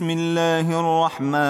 بسم الله الرحمن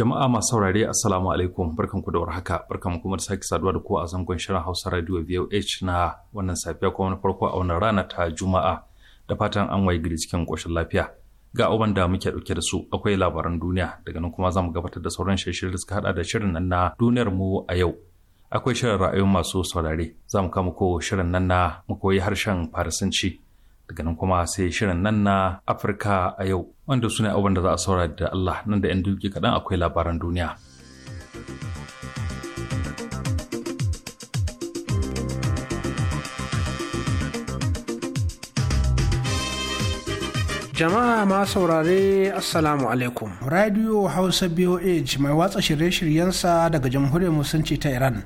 Jama'a masu saurare Assalamu alaikum barkan ku da warhaka barkan kuma da sake saduwa da ku a zangon shirin Hausa Radio VOH na wannan safiya kuma na farko a wannan rana ta Juma'a da fatan an waye gari cikin koshin lafiya. Ga abubuwan da muke dauke da su akwai labaran duniya daga nan kuma za mu gabatar da sauran shirye da suka hada da shirin nan na duniyar mu a yau. Akwai shirin ra'ayoyin masu saurare za mu kama ko shirin nan na mu koyi harshen Farisanci. daga nan kuma sai shirin nan na afirka a yau wanda su ne abin da za a saura da allah nan da 'yan duki kaɗan akwai labaran duniya jama'a ma saurare assalamu alaikum radio hausa boh mai watsa shirye-shiryensa daga jamhuriyar musulunci ta iran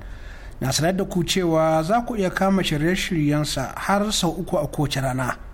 na sanar da ku cewa za ku iya kama shirye-shiryensa har sau uku a kowace rana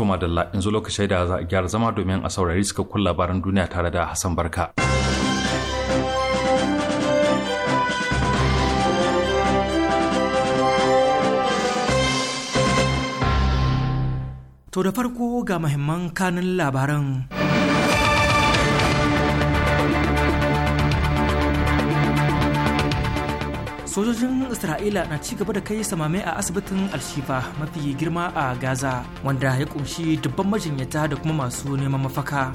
Dalla madalla yanzu lokacin da za a gyara zama domin a saurari suka kun labaran duniya tare da Hassan Barka. To da farko ga mahimman kanin labaran. sojojin isra'ila na ci gaba da kai samame a asibitin alshifa mafi girma a gaza wanda ya kunshi dubban majinyata da kuma masu neman mafaka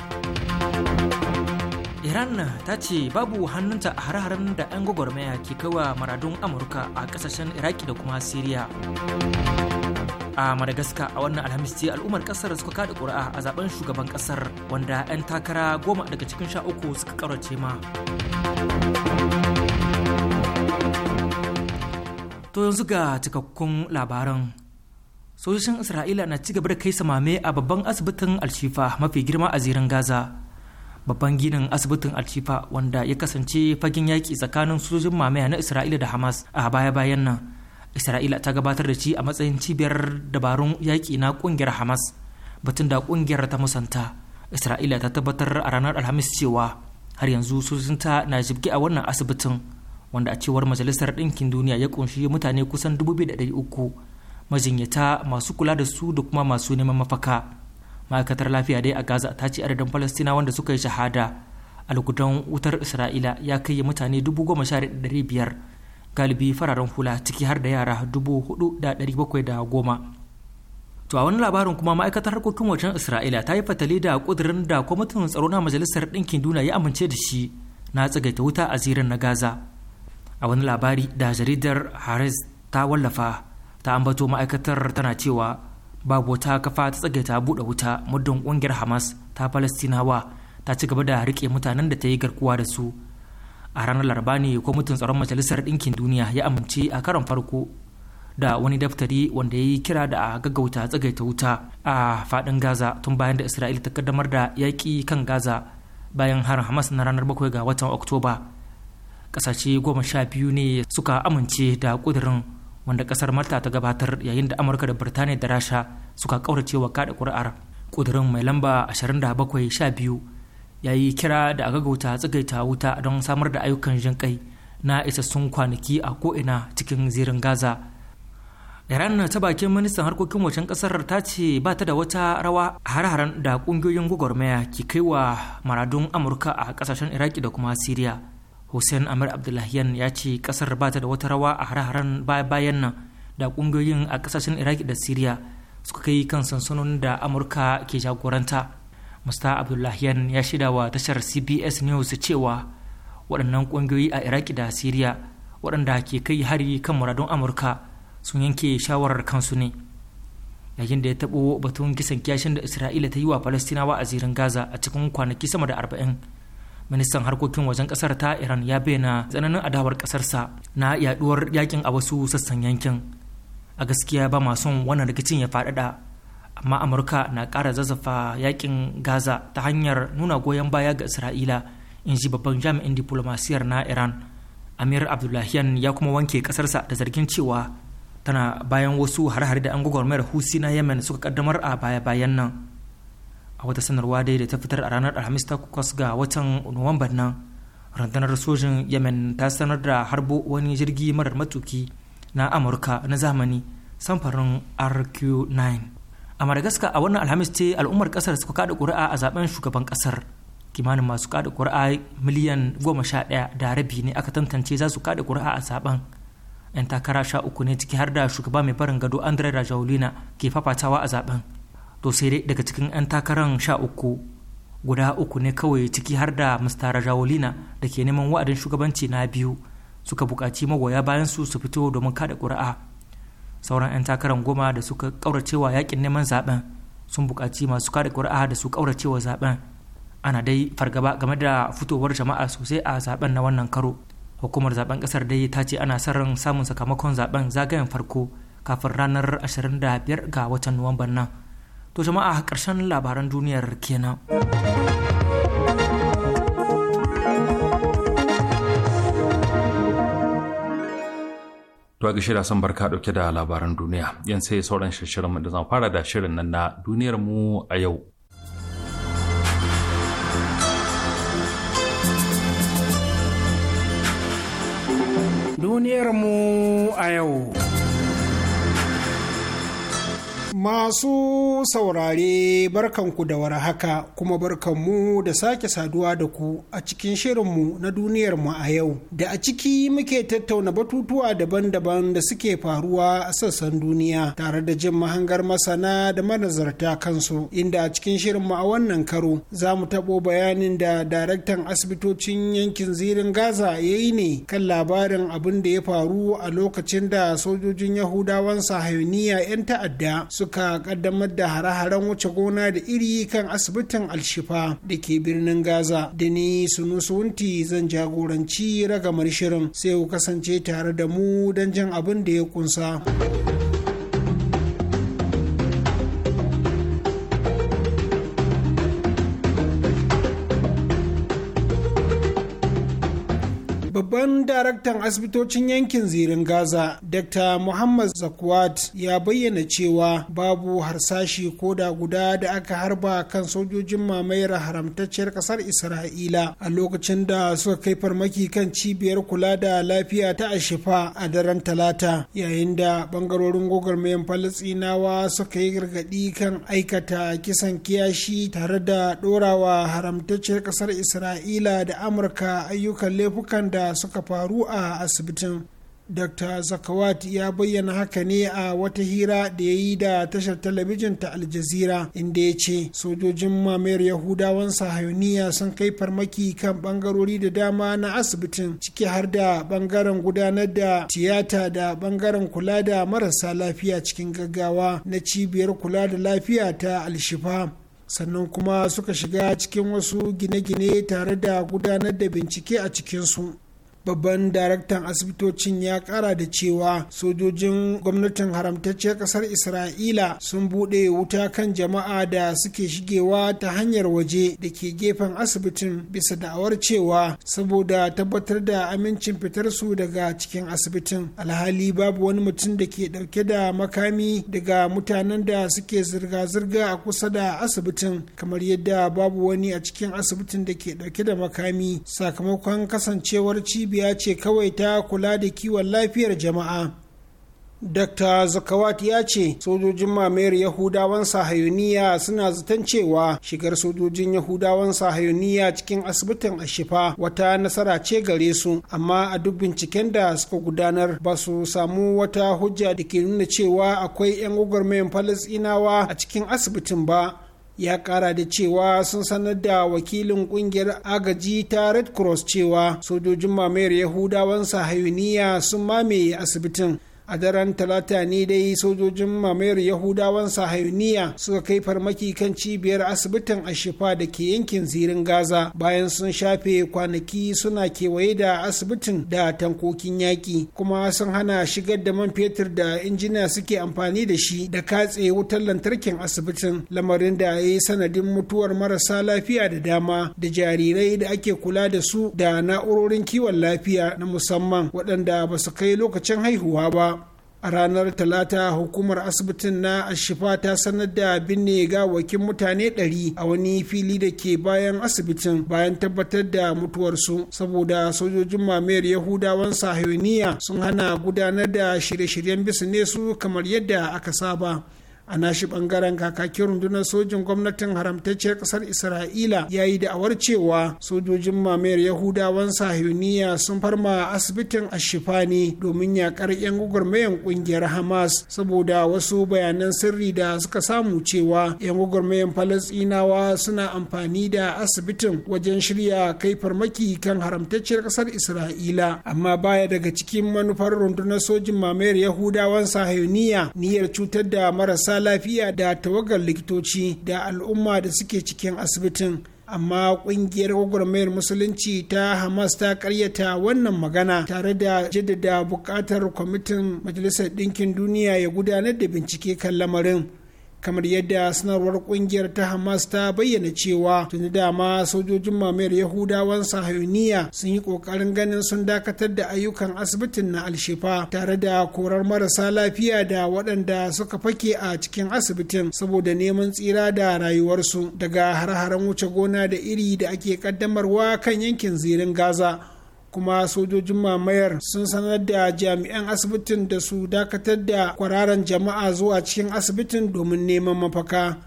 iran ta ce babu hannunta a hare haren da 'yan gwagwarmaya ke kawa maradun amurka a kasashen iraki da kuma syria a madagascar a wannan alhamis ce al'ummar kasar suka kada ƙuri'a a zaben shugaban kasar wanda 'yan takara goma daga cikin sha uku suka karace ma to yanzu ga cikakkun labaran sojojin isra'ila na ci gaba da kai samame a babban asibitin alshifa mafi girma a zirin gaza babban ginin asibitin alshifa wanda ya kasance fagen yaƙi tsakanin sojojin mamaya na isra'ila da hamas a baya-bayan nan isra'ila ta gabatar da shi a matsayin cibiyar dabarun yaƙi na ƙungiyar hamas batun da ƙungiyar ta musanta isra'ila ta tabbatar a ranar alhamis cewa har yanzu sojojinta na jibge a wannan asibitin wanda a cewar majalisar ɗinkin duniya ya kunshi mutane kusan 2,300 majinyata masu kula da su da kuma masu neman mafaka ma'aikatar lafiya dai a gaza ta ce adadin palestina wanda suka yi shahada algudan wutar isra'ila ya kai mutane 11,500 galibi fararen hula ciki har da yara 4,710 to a wani labarin kuma ma'aikatar harkokin wajen isra'ila ta yi fatali da kudirin da kwamitin tsaro na majalisar ɗinkin duniya ya amince da shi na tsagaita wuta a zirin na gaza a wani labari da jaridar haris ta wallafa ta ambato ma'aikatar tana cewa babu wata kafa ta tsage ta buɗe wuta muddin ƙungiyar hamas ta falastinawa ta ci gaba da riƙe mutanen da ta yi garkuwa da su a ranar laraba ne kwamitin tsaron majalisar ɗinkin duniya ya amince a karon farko da wani daftari wanda ya yi kira da a gaggauta tsagaita wuta a faɗin gaza tun bayan da isra'ila ta kaddamar da yaƙi kan gaza bayan harin hamas na ranar bakwai ga watan oktoba kasashe goma sha biyu ne suka amince da kudirin wanda kasar malta ta gabatar yayin da amurka da birtaniya da rasha suka wa kada kuri'ar kudirin mai lamba sha ya yi kira da a gagauta tsagaita wuta don samar da ayyukan jin kai na isassun kwanaki a ko'ina cikin zirin gaza iran ta bakin ministan harkokin wajen kasar ta ce ba ta da wata rawa a har-haren da kungiyoyin gwagwarmaya ke kai wa maradun amurka a kasashen iraki da kuma siriya hussein amir abdullahiyan ya ce kasar ba ta da wata rawa a hare-haren bayan nan da kungiyoyin a kasashen iraki da syria suka kai kan sansanonin da amurka ke jagoranta musta abdullahiyan ya shida wa tashar cbs news cewa waɗannan kungiyoyi a iraki da syria waɗanda ke kai hari kan muradun amurka sun yanke shawarar kansu ne yayin da ya taɓo batun kisan kiyashin da isra'ila ta yi wa falastinawa a zirin gaza a cikin kwanaki sama da arba'in ministan harkokin wajen kasar ta iran ya bayyana tsananin adawar kasarsa na yaduwar yakin a wasu sassan yankin a gaskiya ba masu wannan rikicin ya faɗaɗa amma amurka na ƙara zazzafa yakin gaza ta hanyar nuna goyon baya ga isra'ila in ji babban jami'in diplomasiyar na iran amir abdullahian ya kuma wanke ƙasarsa da zargin cewa tana bayan wasu har hari da an gwagwarmayar husi na yemen suka kaddamar a baya-bayan nan a wata sanarwa dai da ta fitar a ranar alhamis takwas ga watan nuwamban nan rundunar sojin yemen ta sanar da harbo wani jirgi marar matuki na amurka na zamani samfarin rq9 a madagascar a wannan alhamis ce al'ummar kasar suka kada kuri'a a zaben shugaban kasar kimanin masu kada kuri'a miliyan goma sha ɗaya da rabi ne aka tantance za su kada kuri'a a zaben yan takara sha uku ne ciki har da shugaba mai barin gado andre rajaulina ke fafatawa a zaben to sai dai daga cikin 'yan takarar sha uku guda uku ne kawai ciki har da mista rajawolina da ke neman wa'adin shugabanci na biyu suka bukaci magoya bayan su su fito domin kada ƙuri'a sauran 'yan takarar goma da suka ƙauracewa yakin neman zaben sun bukaci masu kada ƙuri'a da su ƙauracewa zaben ana dai fargaba game da fitowar jama'a sosai a zaben na wannan karo hukumar zaben ƙasar dai ta ce ana son samun sakamakon zaben zagayen farko kafin ranar 25 ga watan nuwamban nan to jama'a ƙarshen labaran duniyar kenan. To ga shirya son barka ɗauke da labaran duniya. Yan sai sauran shirin da zan fara da shirin nan na duniyar mu a yau. Duniyar mu a yau. Masu saurare barkanku da warhaka kuma barkanmu da sake saduwa da ku a cikin shirinmu na duniyar mu a yau da a ciki muke tattauna batutuwa daban-daban da suke faruwa a sassan duniya tare da jin mahangar masana da manazarta kansu inda a cikin shirinmu a wannan karo za mu taɓo bayanin da daraktan asibitocin yankin zirin Gaza ya yi ne kan labarin abin da ya faru a lokacin da sojojin Yahudawan 'yan ta'adda su suka kaddamar da hare-haren wuce gona da iri kan asibitin alshifa da ke birnin gaza da ni wunti zan jagoranci ragamar shirin sai ku kasance tare da mu don jan abin da ya kunsa. babban daraktan asibitocin yankin zirin gaza dr muhammad zakwat ya bayyana cewa babu harsashi ko da guda da aka harba kan sojojin mamayar haramtacciyar kasar isra'ila a lokacin da suka kai farmaki kan cibiyar kula da lafiya ta ashifa a daren talata yayin da bangarorin gwagwarmayan falastinawa suka yi gargadi kan aikata kisan kiyashi tare da dorawa haramtacciyar kasar isra'ila da amurka ayyukan laifukan da suka faru a asibitin dr zakawat ya bayyana haka ne a wata hira da ya yi da tashar talabijin ta aljazira inda ya ce sojojin mamayar yahudawan sahayoniya sun kai farmaki kan bangarori da dama na asibitin ciki har da bangaren gudanar da tiyata da bangaren kula da marasa lafiya cikin gaggawa na cibiyar kula da lafiya ta alshifa sannan kuma suka shiga cikin wasu gine-gine tare da gudanar da bincike a cikinsu babban daraktan asibitocin ya kara da cewa sojojin gwamnatin haramtacciyar kasar isra'ila sun buɗe wuta kan jama'a da suke shigewa ta hanyar waje da ke gefen asibitin bisa da'awar cewa saboda tabbatar da amincin fitar su daga cikin asibitin alhali babu wani mutum da ke ɗauke da makami daga mutanen da suke zirga-zirga a kusa da asibitin kamar yadda babu wani a cikin asibitin da ke ɗauke da makami sakamakon kasancewar cibiyar cibiya ce kawai ta kula da kiwon lafiyar jama'a Dr. Zakawat ya ce sojojin mamayar Yahudawan Sahayuniya suna zaton cewa shigar sojojin Yahudawan Sahayuniya cikin asibitin Ashifa wata nasara ce gare su amma a duk binciken da suka gudanar ba su samu wata hujja da ke nuna cewa akwai 'yan gwagwarmayan Falasɗinawa a cikin asibitin ba. ya kara da cewa sun sanar da wakilin kungiyar agaji ta red cross cewa sojojin mamayar yahudawan sahayuniya sun mamaye asibitin a daren talata ne dai sojojin mamayar yahudawan sahayuniya suka kai farmaki kan cibiyar asibitin ashifa da ke yankin zirin gaza bayan sun shafe kwanaki suna kewaye da asibitin da tankokin yaƙi kuma sun hana shigar da man fetur da injina suke amfani da shi da katse wutar lantarkin asibitin lamarin da ya yi sanadin mutuwar marasa lafiya da dama da jarirai da ake kula da su da na'urorin kiwon lafiya na musamman waɗanda ba su kai lokacin haihuwa ba a ranar talata hukumar asibitin na ashifa ta sanar da binne gawakin mutane 100 a wani fili da ke bayan asibitin bayan tabbatar da mutuwarsu saboda sojojin mamayar yahudawan sahiyoniya sun hana gudanar da shirye-shiryen bisu ne kamar yadda aka saba a nashi bangaren kakakin rundunar sojin gwamnatin haramtacciyar kasar isra'ila ya yi da'awar cewa sojojin mamayar yahudawan sahiyuniya sun farma a asibitin ashifani domin yakar yan gwagwarmayan kungiyar hamas saboda wasu bayanan sirri da suka samu cewa yan gwagwarmayan falasinawa suna amfani da asibitin wajen shirya kai farmaki kan haramtacciyar kasar isra'ila amma baya daga cikin manufar rundunar sojin mamayar yahudawan sahiyuniya niyyar cutar da marasa lafiya da tawagar likitoci da al'umma da suke cikin asibitin amma kungiyar gwagwarmayar musulunci ta hamas ta karyata wannan magana tare da jaddada bukatar kwamitin majalisar ɗinkin duniya ya gudanar da bincike kan lamarin kamar yadda sanarwar kungiyar ta hamas ta bayyana cewa tuni dama sojojin mamayar yahudawan sahayuniya sun yi kokarin ganin sun dakatar da ayyukan asibitin na alshifa tare da korar marasa lafiya da waɗanda suka fake a cikin asibitin saboda neman tsira da rayuwarsu daga har-haren wuce gona da iri da ake ƙaddamarwa kan yankin zirin gaza kuma sojojin mamayar sun sanar da jami'an asibitin da su dakatar da kwararan jama'a zuwa cikin asibitin domin neman mafaka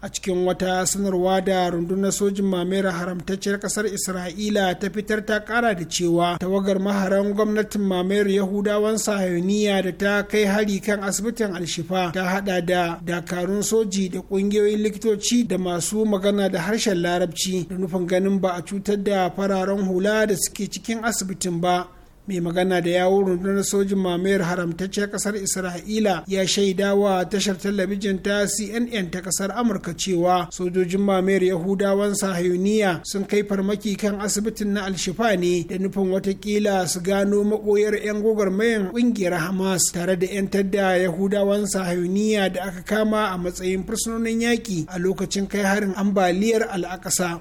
a cikin wata sanarwa da rundunar sojin mamera haramtacciyar kasar isra'ila ta fitar ta kara da cewa tawagar maharan gwamnatin mamayar yahudawan sahayoniya da ta kai hari kan asibitin alshifa ta hada da dakarun soji da kungiyoyin likitoci da masu magana da harshen larabci da nufin ganin ba a cutar da fararen hula da suke cikin asibitin ba mai magana da yawon rundunar sojin mamayar haramtacciyar kasar isra'ila ya shaidawa tashar talabijin ta cnn ta kasar amurka cewa sojojin mamayar yahudawan sahayuniya sun kai farmaki kan asibitin na alshifa ne da nufin watakila su gano makoyar 'yan gwagwarmayan kungiyar hamas tare da 'yan tadda yahudawan sahayuniya da aka kama a matsayin fursunonin yaƙi a lokacin kai harin ambaliyar al'akasa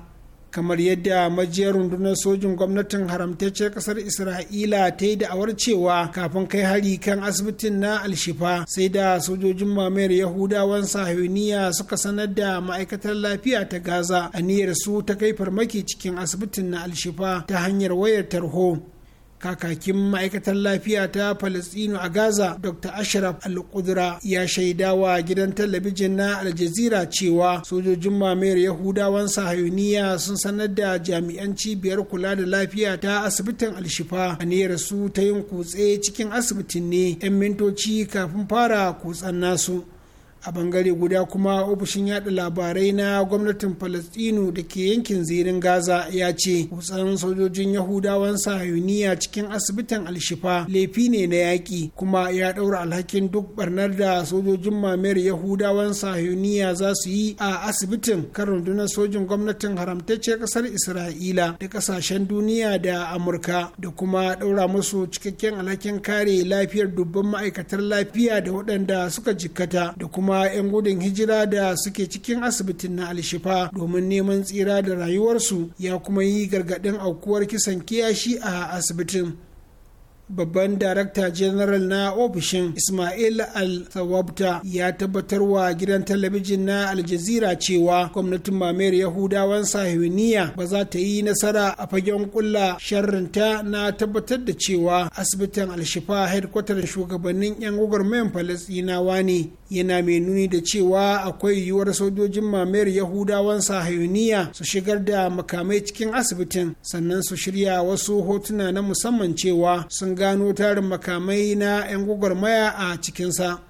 kamar yadda majiyar rundunar sojin gwamnatin haramtaccen kasar isra'ila ta yi da'awar cewa kafin kai hari kan asibitin na alshifa sai da sojojin mamayar yahudawan sahauniya suka sanar da ma'aikatar lafiya ta gaza aniyar su ta kai farmaki cikin asibitin na alshifa ta hanyar wayar tarho kakakin ma'aikatar lafiya ta palestino a gaza dr ashraf al-qudra ya shaidawa gidan talabijin na aljazira cewa sojojin mamayar yahudawan sahayuniya sun sanar da jami'an cibiyar kula da lafiya ta asibitin alshifa a su ta yin kutse cikin asibitin ne 'yan mintoci kafin fara kutsen nasu a bangare guda kuma ofishin yada labarai na gwamnatin falastinu da ke yankin zirin gaza ya ce kutsan sojojin yahudawan sahayuniya cikin asibitin alshifa laifi ne na yaƙi kuma ya ɗaura alhakin duk barnar da sojojin mamayar yahudawan sahayuniya za su yi a asibitin kan rundunar sojin gwamnatin haramtacce ƙasar isra'ila da ƙasashen duniya da amurka da kuma ɗaura musu cikakken alhakin kare lafiyar dubban ma'aikatar lafiya da waɗanda suka jikkata da kuma kuma 'yan gudun hijira da suke cikin asibitin na alshifa domin neman tsira da rayuwarsu ya kuma yi gargaɗin aukuwar kisan kiyashi a asibitin babban darakta general na ofishin ismail al-sawabta ya tabbatar wa gidan talabijin na aljazira cewa gwamnatin mamayar yahudawan sahiwiniya ba za ta yi nasara a fagen kulla sharrinta na tabbatar da cewa asibitin alshifa headkwatar shugabannin 'yan gwagwarmayan falasinawa ne yana mai nuni da cewa akwai yiwuwar sojojin mamayar yahudawan sahayuniya su shigar da makamai cikin asibitin sannan su shirya wasu hotuna na musamman cewa sun gano tarin makamai na 'yan gwagwarmaya a cikinsa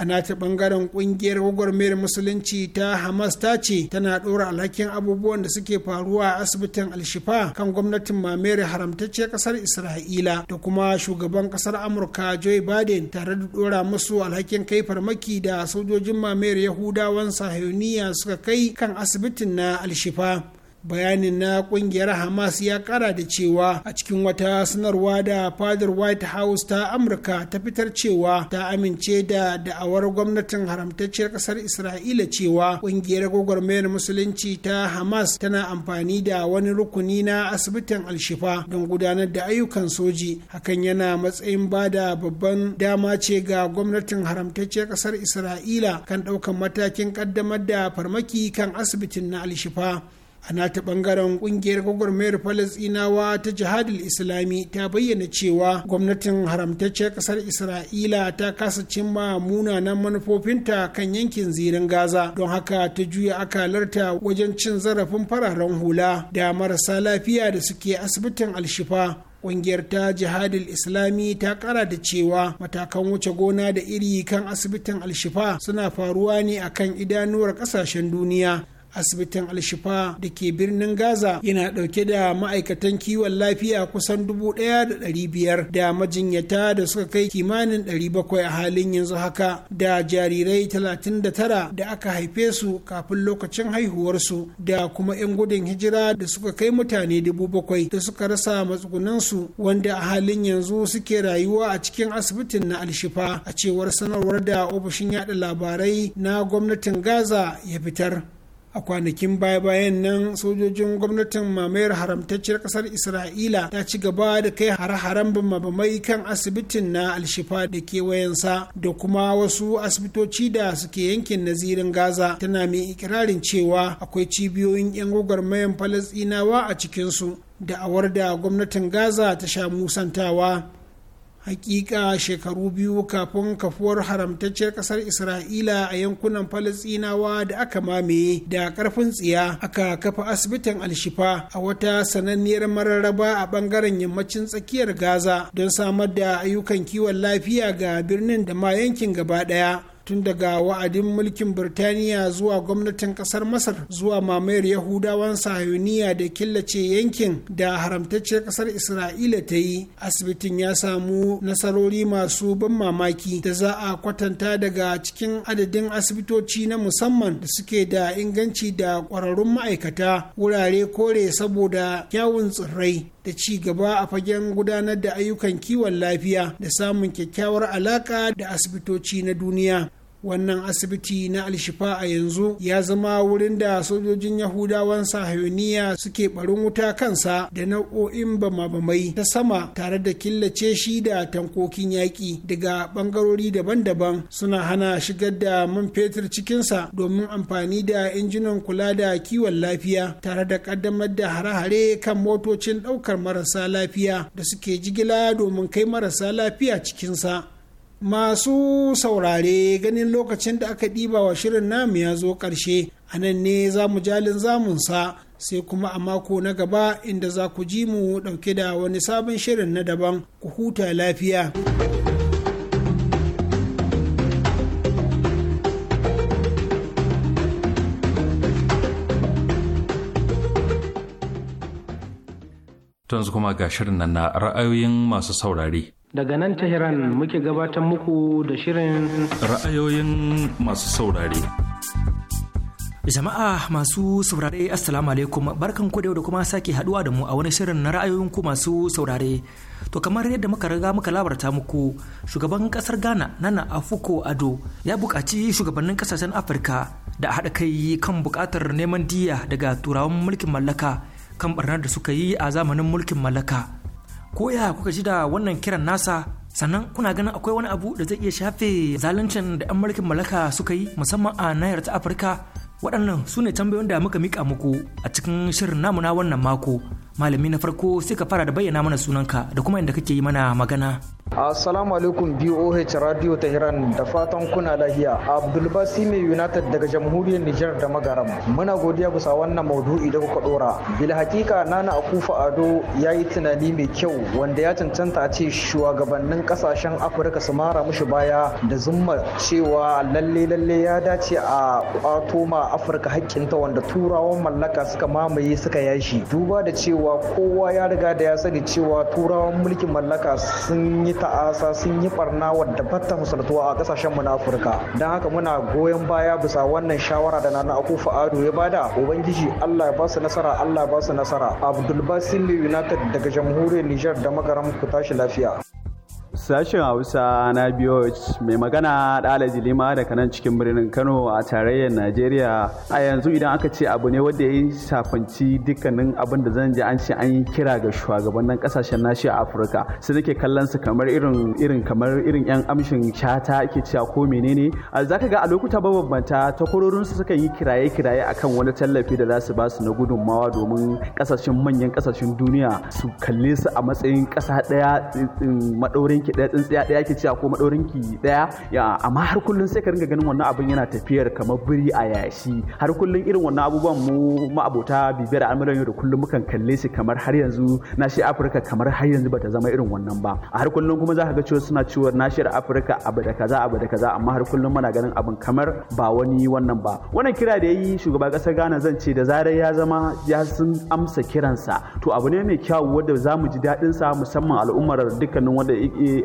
a nata bangaren kungiyar gwagwarmayar musulunci ta hamas ta ce tana ɗora alhakin abubuwan da suke faruwa a asibitin alshifa kan gwamnatin mamayar haramtacce ƙasar isra'ila da kuma shugaban ƙasar amurka joe biden tare da ɗora musu alhakin kai farmaki da sojojin mamayar yahudawan sahiyoniya suka kai kan asibitin na alshifa bayanin na kungiyar hamas ya kara da cewa a cikin wata sanarwa da fadar white house ta amurka ta fitar cewa ta amince da da'awar gwamnatin haramtacciyar kasar isra'ila cewa kungiyar gwagwarmayar musulunci ta hamas tana amfani da wani rukuni na asibitin alshifa don gudanar da ayyukan soji hakan yana matsayin ba da babban dama ce ga gwamnatin haramtacciyar kasar isra'ila kan ɗaukan matakin ƙaddamar da farmaki kan asibitin na alshifa a nata bangaren kungiyar gwagwarmayar falasinawa ta jihadul islami ta bayyana cewa gwamnatin haramtacciyar kasar isra'ila ta kasa cimma na manufofinta kan yankin zirin gaza don haka ta juya akalarta wajen cin zarafin fararen hula da marasa lafiya da suke asibitin alshifa Ƙungiyar ta jihadul islami ta ƙara da cewa matakan wuce gona da iri kan asibitin alshifa suna faruwa ne akan idanuwar ƙasashen duniya asibitin alshifa da ke birnin gaza yana dauke da ma'aikatan kiwon lafiya kusan dubu ɗaya da ɗari biyar da majinyata da suka kai kimanin ɗari bakwai a halin yanzu haka da jarirai talatin da tara da aka haife su kafin lokacin haihuwarsu da kuma 'yan gudun hijira da suka kai mutane dubu bakwai da suka rasa matsugunansu wanda a halin yanzu suke rayuwa a cikin asibitin na alshifa a cewar sanarwar da ofishin yada labarai na gwamnatin gaza ya fitar a kwanakin baya-bayan nan sojojin gwamnatin mamayar haramtacciyar kasar isra'ila ta ci gaba da kai hare-haren bamabamai kan asibitin na alshifa da kewayensa da kuma wasu asibitoci da suke yankin nazirin gaza tana mai ikirarin cewa akwai cibiyoyin 'yan gwagwarmayan falasɗinawa a cikinsu da awar da gwamnatin gaza ta sha musantawa hakika shekaru biyu kafin kafuwar haramtacciyar kasar isra'ila a yankunan falasinawa da aka mamaye da karfin tsiya aka kafa asibitin alshifa a wata sananniyar mararraba a bangaren yammacin tsakiyar gaza don samar da ayyukan kiwon lafiya ga birnin da ma yankin gaba daya tun daga wa'adin mulkin birtaniya zuwa gwamnatin kasar masar zuwa mamayar yahudawan sahayuniya da killace yankin da haramtacce kasar isra'ila ta yi asibitin ya samu nasarori masu ban mamaki da za a kwatanta daga cikin adadin asibitoci na musamman da suke da inganci da kwararrun ma'aikata wurare kore saboda kyawun tsirrai da ci gaba a fagen gudanar da ayyukan kiwon lafiya da samun kyakkyawar alaka da asibitoci na duniya wannan asibiti na alshifa a yanzu ya zama wurin da sojojin yahudawan sahayoniya suke barin wuta kansa da nau'o'in bama-bamai ta sama tare da killace shi da tankokin yaƙi daga ɓangarori daban-daban suna hana shigar da man fetur cikinsa domin amfani da injinan kula da kiwon lafiya tare da ƙaddamar da hare-hare kan motocin ɗaukar marasa lafiya da suke jigila domin kai marasa lafiya cikinsa Masu saurare ganin lokacin da aka ɗiba wa shirin namu ya zo ƙarshe, a nan ne za mu jalin zamunsa sai kuma a mako na gaba inda za ku ji mu ɗauke da wani sabon shirin na daban ku huta lafiya. yanzu kuma ga shirin nan na ra'ayoyin masu saurare. Daga nan Tehran muke gabatar muku da shirin ra'ayoyin masu saurare. Jama'a masu saurare Assalamu alaikum barkan ku da kuma sake haduwa da mu a wani shirin na ra'ayoyin ku masu saurare. To kamar yadda muka riga muka labarta muku shugaban kasar Ghana Nana Afuko Ado ya buƙaci shugabannin kasashen Afirka da haɗa kai kan buƙatar neman diya daga turawan mulkin mallaka kan barnar da suka yi a zamanin mulkin mallaka. ko ya kuka ji da wannan kiran nasa sannan kuna ganin akwai wani abu da zai iya shafe zaluncin da 'yan mulkin mallaka suka yi musamman a nahiyar ta afirka waɗannan su ne tambayoyin da muka mika muku a cikin shirin namu na wannan mako malami na farko sai ka fara da bayyana mana sunanka da kuma inda kake yi mana magana Assalamu alaikum BOH Radio Tehran da fatan kuna lahiya. Abdulbasi mai United daga jamhuriyar Nijar da Magaram. Muna godiya bisa wannan maudu'i da kuka dora. Bil hakika Nana Akufa Ado ya yi tunani mai kyau wanda ya cancanta a ce shugabannin ƙasashen Afirka su mara mushi baya da zumma cewa lalle lalle ya dace a kwato ma Afirka hakkinta wanda turawan mallaka suka mamaye suka yashi. Duba da cewa kowa ya riga da ya sani cewa turawan mulkin mallaka sun yi ta'asa sun yi barna wadda batta musaltuwa a kasashen mu na afirka don haka muna goyon baya bisa wannan shawara da nana akufa ado ya bada ubangiji allah ya basu nasara allah ya basu su nasara abdulbasir united daga jamhuriyar niger da magaram ku tashi lafiya Sashen Hausa na biyo mai magana Dala Jilima daga nan cikin birnin Kano a tarayyar Najeriya. A yanzu idan aka ce abu ne wanda ya safanci dukkanin abin da zan ji an ce an yi kira ga shugabannin kasashen nashi a Afirka. Su nake kallon su kamar irin irin kamar irin yan amshin shata ake cewa ko menene. A zaka ga a lokuta mabambanta takwarorin su suka yi kiraye kiraye akan wani tallafi da za su ba su na gudunmawa domin kasashen manyan kasashen duniya su kalle su a matsayin kasa daya maɗaurin ki ɗaya tsintsiya ɗaya ki cewa ko ki ɗaya ya amma har kullum sai ka ringa ganin wannan abun yana tafiyar kamar biri a yashi har kullum irin wannan abubuwan mu ma'abota bibiyar al'amuran yau da kullum mukan kalle shi kamar har yanzu nashi afirka kamar har yanzu bata zama irin wannan ba a har kullum kuma za ka ga cewa suna cewa nashiyar afirka abu da kaza abu da kaza amma har kullum muna ganin abun kamar ba wani wannan ba wannan kira da yayi shugaban kasar Ghana zan ce da zarar ya zama ya sun amsa kiransa to abu ne mai kyau wanda za mu ji daɗinsa sa musamman al'ummar dukkanin wanda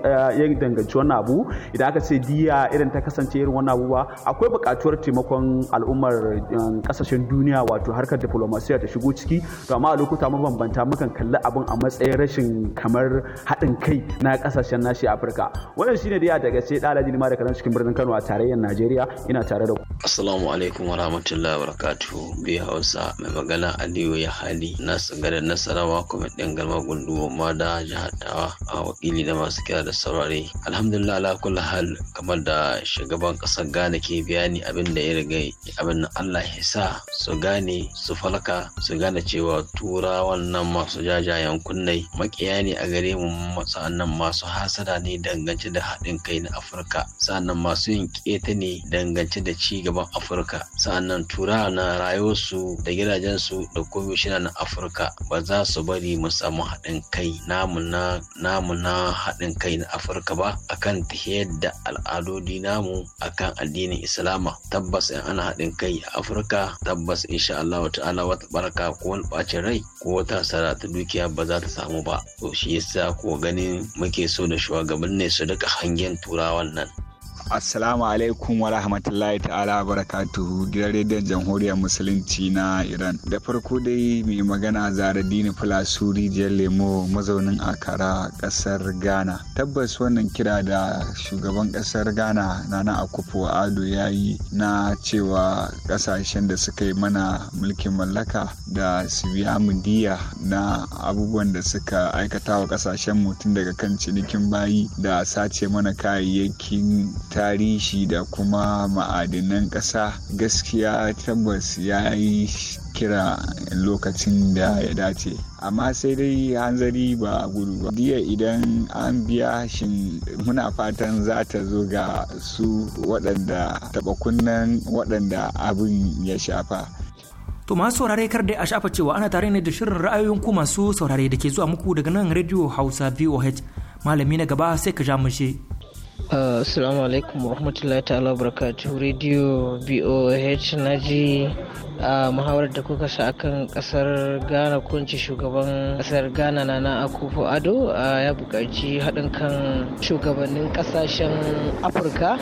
Eh, ya danganci wannan abu idan aka ce diya irin ta kasance irin wannan ba akwai buƙatuwar taimakon al'ummar kasashen eh, duniya wato harkar diplomasiya ta shigo ciki to amma a lokuta mabambanta mukan kalli abin a matsayin rashin kamar haɗin kai na kasashen nashi afirka wannan shine dai a daga ce ɗalaji ma da kanan cikin birnin kano a tarayyar najeriya ina tare da ku assalamu alaikum wa rahmatullahi wa barakatuhu bi hausa mai magana aliyu ya hali na tsangaren nasarawa kuma ɗin galma gunduwa ma da jihar tawa a wakili da masu kira da saurare alhamdulillah ala kulli hal kamar da shugaban kasar Ghana ke bayani abin da ya riga abin Allah ya sa su gane su falaka su gane cewa tura wannan masu jajayen kunnai makiya ne a gare mu sa'annan masu hasada ne dangance da haɗin kai na Afirka sa'annan masu yin keta ne dangance da ci gaban Afirka sa'annan turawa na rayuwarsu da gidajensu da komishin na Afirka ba za su bari mu samu haɗin kai namu na haɗin kai kai na afirka ba akan ta yadda al'adodi namu akan addinin islama tabbas in ana haɗin kai a afirka tabbas insha Allah ta'ala wata baraka ko wani ɓacin rai ko wata sara ta dukiya ba za ta samu ba to shi yasa ko ganin muke so da ne su duka hangen turawan nan Assalamu alaikum wa rahmatullahi ta'ala barakatuhu gidan rediyon jamhuriyar musulunci na Iran. Da farko dai mai magana zara dini Suri jiyar lemo mazaunin akara kasar Ghana. Tabbas wannan kira da shugaban kasar Ghana Nana Akufo Ado ya yi na cewa kasashen da suka yi mana mulkin mallaka da su biya mu diya na abubuwan da suka aikata wa kasashen mutum daga kan cinikin bayi da sace mana kayayyakin tarihi da kuma ma'adinan ƙasa gaskiya tabbas ya yi kira lokacin da ya dace amma sai dai hanzari ba gudu ba diya idan an biya shi muna fatan za ta zo ga su waɗanda taɓa kunnen waɗanda abin ya shafa To masu saurare kar dai a shafa cewa ana tare ne da shirin ra'ayoyin ku masu saurare da ke zuwa muku daga nan Radio Hausa VOH. Malami na gaba sai ka ja Uh, assalamu uh, alaikum warahmatullahi ta'ala barakatuhu Radio BOH na ji a uh, muhawarar da kuka sa akan kasar Ghana kunci shugaban kasar Ghana na na Akufo Ado a uh, ya buƙaci haɗin kan shugabannin ƙasashen Afirka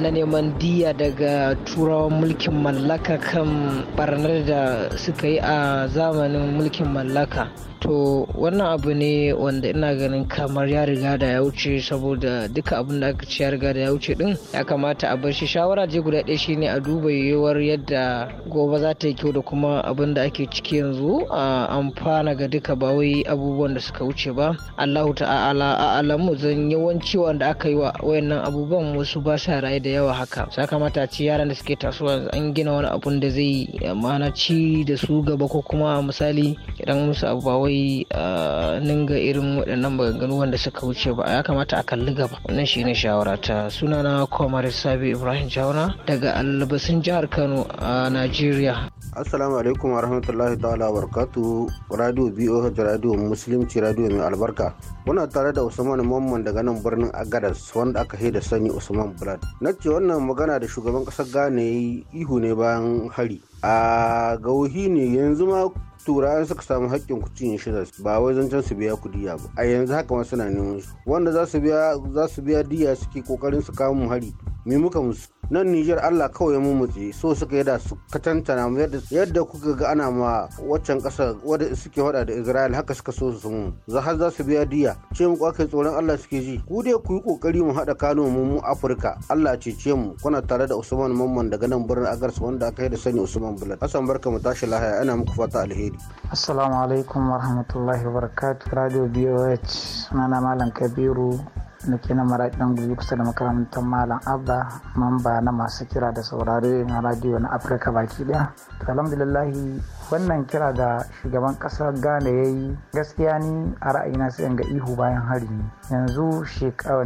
na neman diya daga turawan mulkin mallaka kan barnar da suka yi a zamanin mulkin mallaka. to wannan abu ne wanda ina ganin kamar ya riga da ya wuce saboda duka abin da aka ce ya riga da ya wuce din ya kamata a bar shi shawara je guda ɗaya shine a duba yiwuwar yadda gobe za ta yi kyau da kuma abin da ake ciki yanzu a amfana ga duka ba wai abubuwan da suka wuce ba allahu ta'ala a alamu zan yawanci wanda aka yi wa wayannan abubuwan wasu ba sa raye da yawa haka ya kamata ci yaran da suke tasowa an gina wani abun da zai ma'ana ci da su gaba ko kuma misali idan musu abu ba kawai ninga irin waɗannan maganganu wanda suka wuce ba ya kamata a kalli gaba wannan shine shawara ta sunana komar sabi ibrahim jauna daga albasin jihar kano a najeriya assalamu alaikum warahmatullahi ta'ala barkatu radio boh radio musulunci radio mai albarka muna tare da usman mamman daga nan birnin agadas wanda aka da sani usman blad na ce wannan magana da shugaban kasar gane ihu ne bayan hari a gauhi ne yanzu ma tura an suka samu haƙƙin ku cikin ba wai zancen su biya kuɗi ba a yanzu haka ma suna neman su wanda za su biya diya suke kokarin su kamun hari me musu nan Nijar Allah kawai ya mutse so suka yi su katantana mu yadda kuka ga ana ma waccan kasa wadda suke faɗa da Israel haka suka so su mu za har za su biya diya ce mu kwakai tsoron Allah suke ji ku dai ku yi kokari mu haɗa Kano mu mu Afirka Allah ce mu kuna tare da Usman Mamman daga nan birnin Agars wanda aka yi da sani Usman Bulat Hassan barka mu tashi lahaya ana muku fata alheri Assalamu alaikum warahmatullahi wabarakatuh Radio BOH sunana Malam Kabiru da ke na ɗan guri kusa da makarantar malam abba mamba na masu kira da saurare na radio na afirka baki ɗaya alhamdulillahi wannan kira da shugaban kasar ghana ya yi gaskiya ni a ra'ayina sai ga ihu bayan hari ne yanzu shekara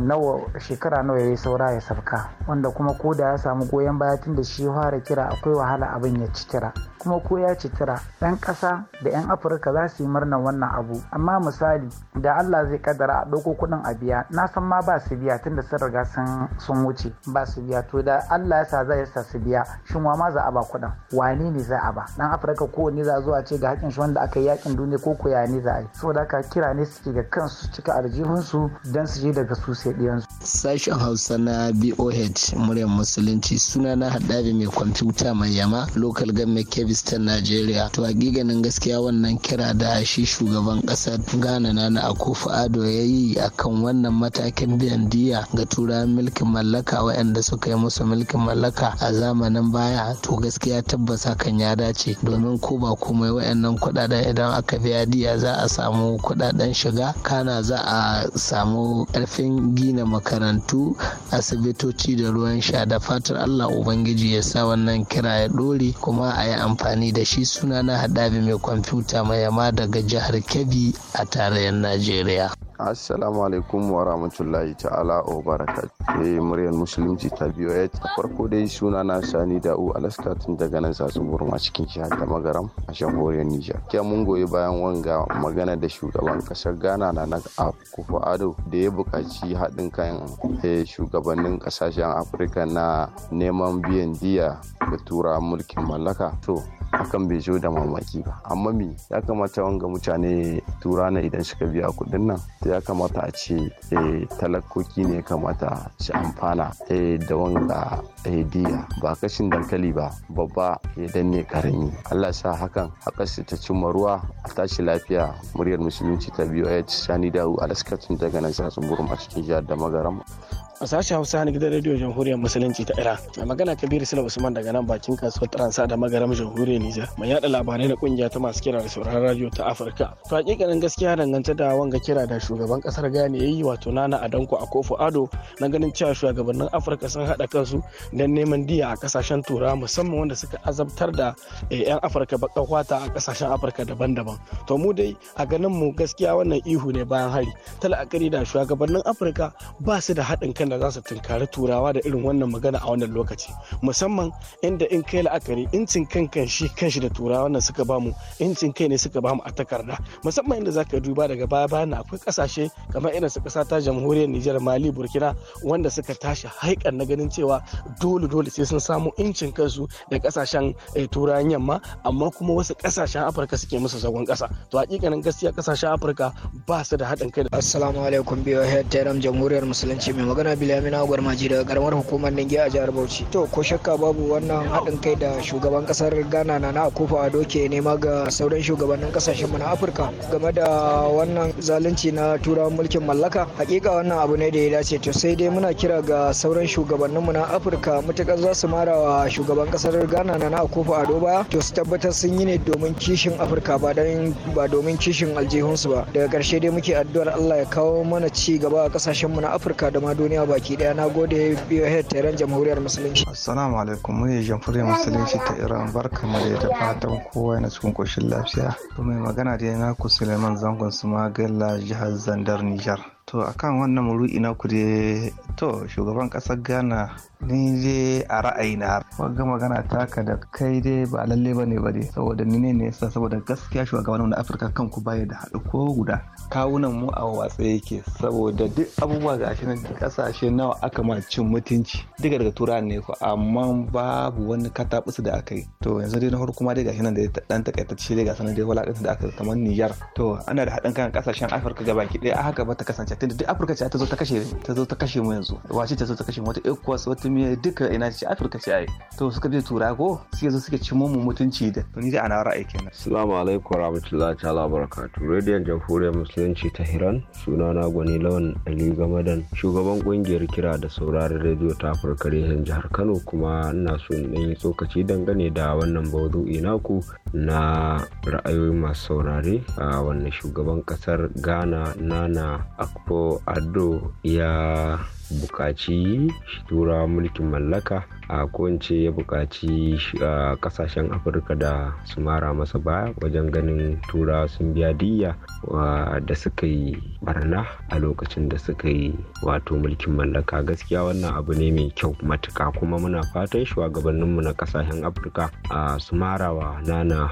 nawa ya yi saura ya safka wanda kuma ko da ya samu goyon baya tun da shi fara kira akwai wahala abin ya citira kuma ko ya citira yan ƙasa da yan afirka za su yi murnar wannan abu amma misali da allah zai kadara a ɗauko kuɗin a biya na san ma ba su biya tunda da sun riga sun wuce ba su biya to da allah ya sa zai sa su biya shin wa ma za a ba kuɗin wane ne za a ba dan afirka ko ne za zuwa ce ga hakin shi wanda aka yi yakin duniya ko ko ne za a yi saboda haka kira ne suke ga kansu cika arjihunsu don su je daga su sai ɗiyansu. sashen hausa na boh muryar musulunci suna na haɗari mai kwamfuta mai yama local government kebistan nigeria to hakikanin gaskiya wannan kira da shi shugaban ƙasar ghana nana akufo ado ya yi akan wannan matakin biyan diya ga turawan mulkin mallaka waɗanda suka yi musu mulkin mallaka a zamanin baya to gaskiya tabbas hakan ya dace domin ko ba komai wayannan kudaden idan aka biya diya za a samu kudaden shiga kana za a samu karfin gina makarantu asibitoci da ruwan sha da fatar allah ubangiji ya sa wannan kira ya ɗore kuma a yi amfani da shi suna na haɗabi mai kwamfuta mai yama daga jihar kebbi a tarayyar najeriya assalamu alaikum wa rahmatullahi ta'ala wa baraka eh muryar musulunci ta biyo ya ta farko dai suna na sani da alaska tun daga nan sasun a cikin jihar ta magaram a shahoriyar nijar kya mun goyi bayan wanga magana da shugaban kasar ghana na na akufo ado da ya buƙaci haɗin kan eh, shugabannin ƙasashen afirka na neman biyan diya ga tura mulkin mallaka to hakan bai zo da mamaki ba amma me ya kamata wanga mutane tura na idan suka biya kuɗin nan ya kamata a ce eh, talakoki ne ya kamata su amfana eh, da wanga eh, diya ba kashin dankali ba babba ya danne karami Allah sa hakan haka su ta cimma ruwa a tashi lafiya muryar musulunci ta biyu a sani dawo alaskacin daga nan sa tsumburum a cikin jihar da magaram a sashen hausa na gidan rediyo jamhuriyar musulunci ta ira a magana kabiru sila usman daga nan bakin kasuwar transa da magaram jamhuriyar nijar mai yada labarai na kungiya ta masu kira da sauran radio ta afirka to hakikanin gaskiya dangance da wanga kira da shugaban kasar ya yi wato nana adanko a kofo ado na ganin cewa shugabannin afirka sun haɗa kansu don neman diya a kasashen turawa musamman wanda suka azabtar da 'yan eh, afirka baka kwata a kasashen afirka daban-daban to mu dai a ganin mu gaskiya wannan ihu ne bayan hari talakari da shugabannin afirka ba su da haɗin kan mutane za su tunkari turawa da irin wannan magana a wannan lokaci musamman inda in kai la'akari incin kan kan shi kan da turawa nan suka bamu incin kai ne suka bamu a takarda musamman inda zaka duba daga baya bayan akwai kasashe kamar irin su kasa ta jamhuriyar Nijar Mali Burkina wanda suka tashi haikan na ganin cewa dole dole sai sun samu incin kansu da kasashen eh, turawan yamma amma kuma wasu kasashen Afirka suke musu zagon kasa to hakikanin gaskiya kasashen Afirka ba su da haɗin kai da assalamu alaikum biyo head jamhuriyar musulunci mai magana bilamina bilamina gwarmaji daga karamar hukumar ninge a jihar bauchi to ko shakka babu wannan haɗin kai da shugaban kasar ghana na akufa ado ke nema ga sauran shugabannin kasashen mu na afirka game da wannan zalunci na turawan mulkin mallaka hakika wannan abu ne da ya dace to sai dai muna kira ga sauran mu na afirka mutukar za su mara wa shugaban kasar ghana na akufa ado baya to su tabbatar sun yi ne domin kishin afirka ba don ba domin kishin aljihunsu ba daga karshe dai muke addu'ar allah ya kawo mana ci gaba a kasashen mu na afirka da ma duniya baki ɗaya na gode biyo BOH Tehran Jamhuriyar Musulunci. Assalamu alaikum mu ne Jamhuriyar Musulunci ta Iran barka mu da fatan kowa yana cikin koshin lafiya. To mai magana da yana ku Suleiman Zangon su Sumagala jihar Zandar Nijar. To akan wannan muru'i na ku to shugaban kasar Ghana ni je a ra'ayina ga magana taka da kai dai ba lalle ba ne ba dai saboda ni ne ne sa saboda gaskiya shugabannin wannan afirka ku baya da haɗu ko guda kawunan mu a watsa yake saboda duk abubuwa ga shi nan kasashe nawa aka ma cin mutunci duka daga tura ne ko amma babu wani katabusu da aka yi to yanzu dai na farko kuma dai ga shi nan da dan takaitacce dai ga sanar dai walakin da aka kamar Niger to ana da haɗin kan kasashen afirka gabaki ɗaya haka ba ta kasance tunda duk afirka ce ta zo ta kashe ta zo ta kashe mu yanzu wace ta zo ta kashe mu wata ecowas wata musulmi duka ina ce afirka ce ai to suka je tura ko suke zo suke cimma mu mutunci da to ni dai ana ra'ayi kenan assalamu alaikum warahmatullahi ta'ala barakatuh radio jamhuriyar musulunci ta hiran sunana gwani lawan ali gamadan shugaban kungiyar kira da sauraron rediyo ta afirka reshen jihar kano kuma ina so in yi tsokaci dangane da wannan maudu'i naku na ra'ayoyi masu saurare a wannan shugaban kasar ghana nana akpo ado ya buƙaci shi tura mulkin mallaka a kowance ya buƙaci ƙasashen afirka da su mara masa baya wajen ganin tura sun biya diyya da suka yi barna a lokacin da suka yi wato mulkin mallaka gaskiya wannan abu ne mai kyau matuka kuma muna fatan shugabanninmu na ƙasashen afirka su marawa nana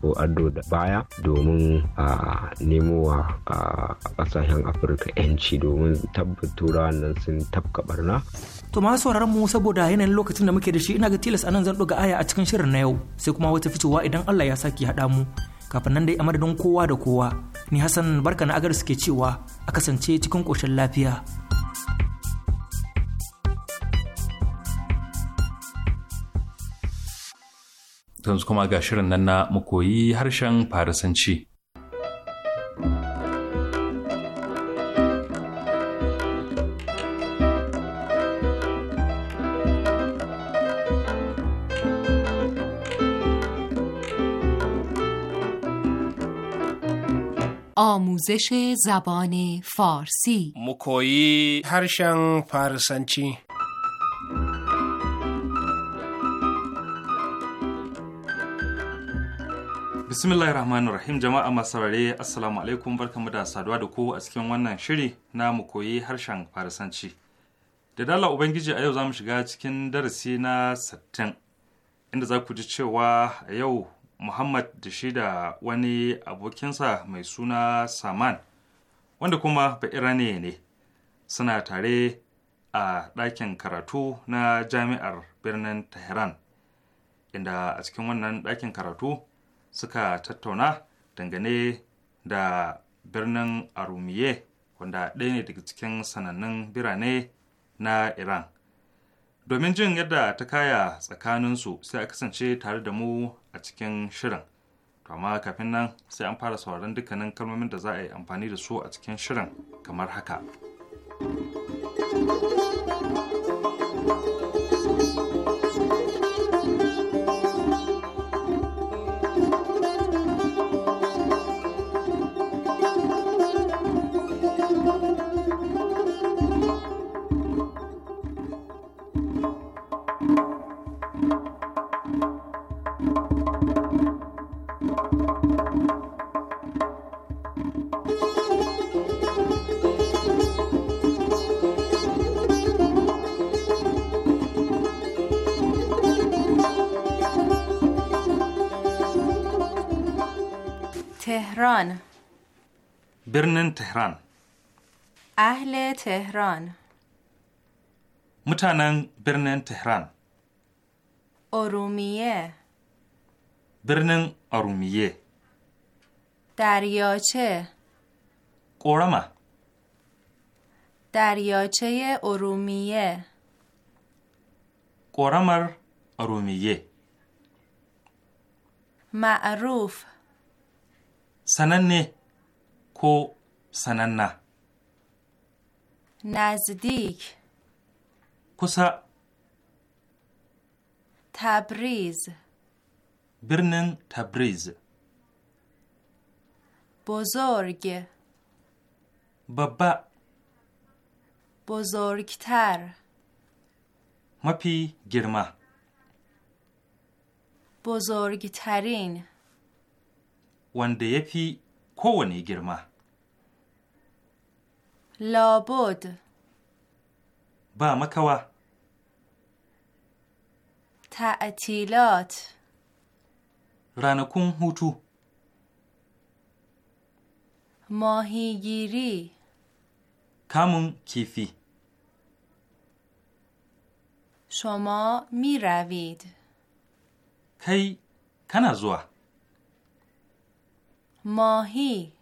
ko ado da baya domin a a ƙasashen afirka 'yanci domin tabbatura nan sun tafka barna. yanayin lokacin da muke da shi ina ga tilas anan zan ɗuga aya a cikin shirin na yau sai kuma wata ficewa idan Allah ya saki haɗa mu kafin nan dai a madadin kowa da kowa ni Hassan barka na agar suke cewa a kasance cikin ƙoshin lafiya. Yanzu kuma ga shirin nan na mu koyi harshen Farisanci. آموزش زبان فارسی مکویی هرشن فارسنچی bismillahir rahman rahim jama'a masu saurare assalamu alaikum barkamu da saduwa da ku a cikin wannan shiri na mu koyi harshen farisanci da dala ubangiji a yau za mu shiga cikin darasi na sittin inda za ku ji cewa a yau muhammad da shi da wani abokinsa mai suna saman wanda kuma ba'irane ne suna tare a ɗakin karatu na jami'ar birnin tehran inda a cikin wannan ɗakin karatu suka tattauna dangane da birnin arumiye wanda ɗaya ne daga cikin sanannun birane na iran domin jin yadda ta kaya tsakaninsu sai a kasance tare da mu a cikin shirin to amma kafin nan sai an fara sauran dukkanin kalmomin da za a yi amfani da su a cikin shirin kamar haka thank you برنن تهران اهل تهران متانن برنن تهران ارومیه برنن ارومیه دریاچه قرما دریاچه ارومیه قرمر ارومیه معروف سننه کو سننه نزدیک کسا تبریز برنن تبریز بزرگ بابا بزرگتر مپی گرما بزرگترین wanda ya fi kowane girma. Labod. Ba makawa. Ta'atilat. Ranakun hutu. Mahigiri. Kamun kifi. Shoma miravid. Kai, kana zuwa. ماهی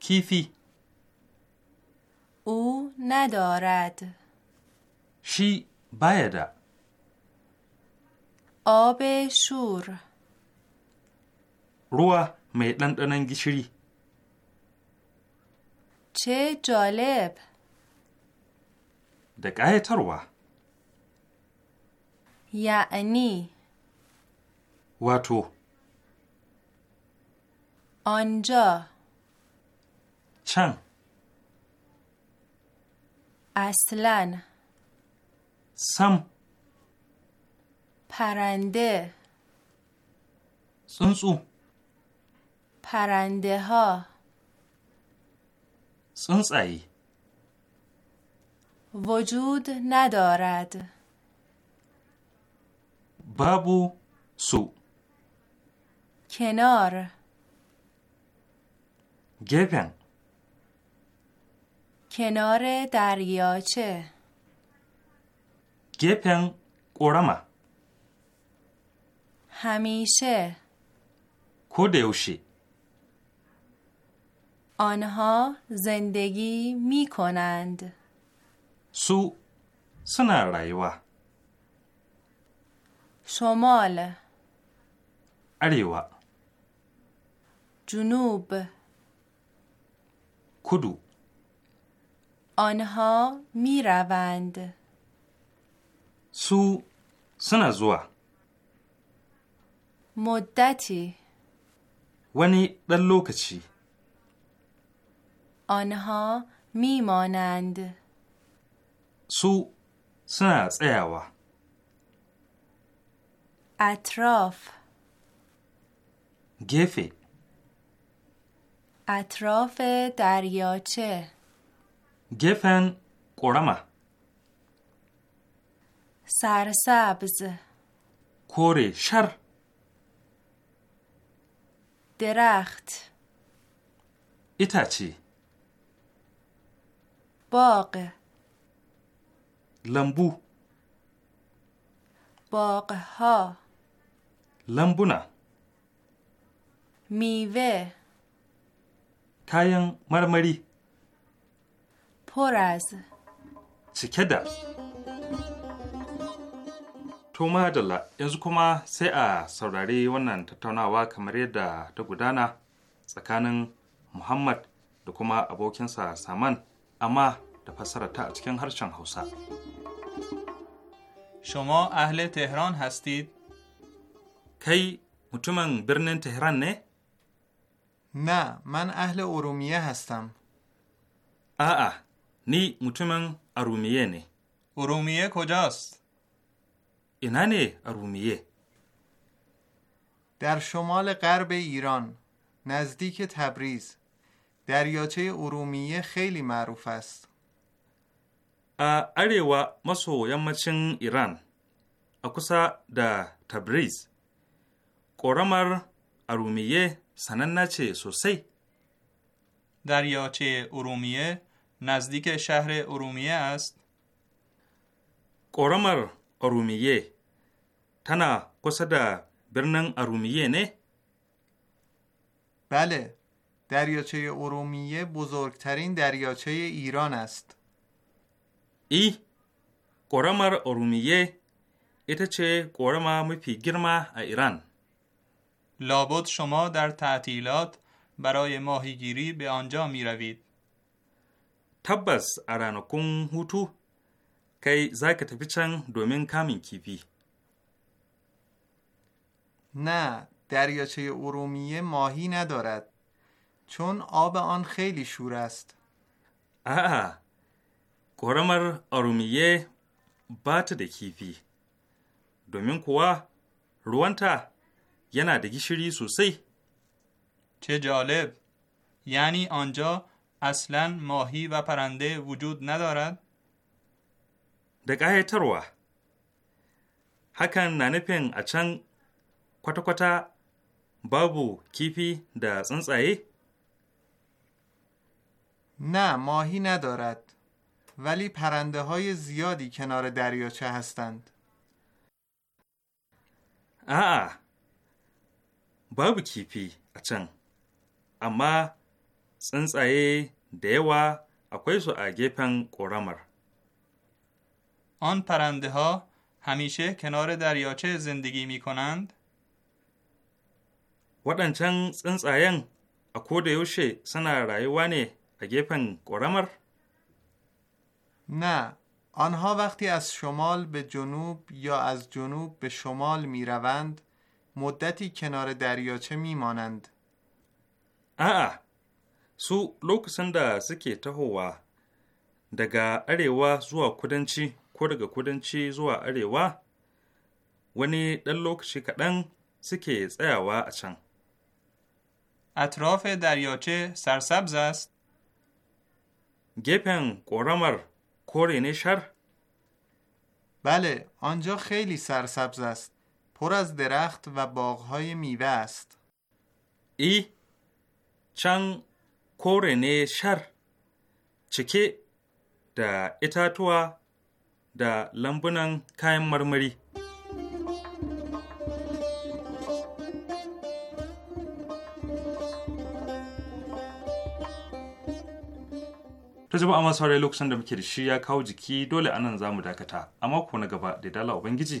کیفی او ندارد شی باید آب شور روا می دندنن چه جالب دقایه تروه یعنی تو؟ آنجا چن اصلا سم پرنده سنسو پرنده ها وجود ندارد بابو سو کنار گپن کنار دریاچه گپن قرما همیشه کودوشی آنها زندگی می کنند سو سنا شمال اریوا جنوب کدو آنها می روند سو سنزوا مدتی ونی دل لوکچی آنها می مانند سو سنز ایوا اطراف گفه اطراف دریاچه گفن قرمه سرسبز کوری شر درخت ایتاچی باغ لمبو باغ ها لمبونا میوه Kayan marmari. Poras. Cike da. To yanzu kuma sai a saurari wannan tattaunawa kamar yadda ta gudana tsakanin Muhammad da kuma abokinsa Saman amma da fassara ta a cikin harshen Hausa. Shoma ahle Tehran hastid? Kai mutumin birnin Tehran ne? نه من اهل ارومیه هستم آه نی مطمئن ارومیه نی. ارومیه کجاست؟ اینانه ارومیه در شمال غرب ایران نزدیک تبریز دریاچه ارومیه خیلی معروف است و مسو یمچن ایران اکسا دا تبریز قرمر ارومیه سنن نچه سوسی دریاچه ارومیه نزدیک شهر ارومیه است قرمر ارومیه تنا قصد برنن ارومیه نه؟ بله دریاچه ارومیه بزرگترین دریاچه ایران است ای قرامر ارومیه ایتا چه قرمه مپی گرمه ایران لابد شما در تعطیلات برای ماهیگیری به آنجا می روید. تبس ارانکون هوتو کی زاک تفی دومین کامین کیفی نه دریاچه ارومیه ماهی ندارد چون آب آن خیلی شور است آه قرمر ارومیه بات دکیفی. دومین کوا روانتا یه da گیشری سوسی چه جالب یعنی آنجا اصلا ماهی و پرنده وجود ندارد؟ دگه تروه. hakan na پین ا کتا بابو کیپی کیپی در da نه ماهی ندارد ولی پرنده های زیادی کنار دریاچه هستند آه babu kifi a can amma tsuntsaye da yawa akwai su a gefen ƙoramar An پرنده ha همیشه کنار دریاچه زندگی می کنند؟ waɗancan tsuntsayen a koda yaushe suna rayuwa ne a gefen ƙoramar? Na, آنها وقتی از شمال به جنوب یا از جنوب به شمال می روند مدتی کنار دریاچه میمانند. a'a su lokacin da suke tahowa daga arewa zuwa kudanci ko daga kudanci zuwa arewa wani ɗan lokaci kaɗan suke tsayawa a can. اطراف دریاچه سرسبز است. گپن قرمر کره نشر. بله آنجا خیلی سرسبز است. پر از درخت و باغهای میوه است ای چنگ کورنه شر چکه دا اتاتوا دا لمبنان کایم مرمری ta jama'a masu saurari lokacin da muke da shi ya kawo jiki dole anan za mu dakata a mako na gaba da dala ubangiji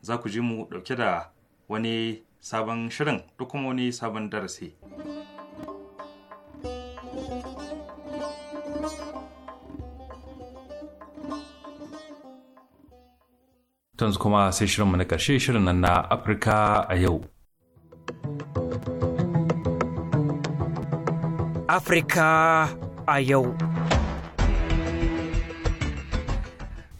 za ku ji mu ɗauke da wani sabon shirin duk kuma wani sabon darasi. Tanzu kuma sai mu na ƙarshe shirin nan na Afirka a yau. Afirka a yau.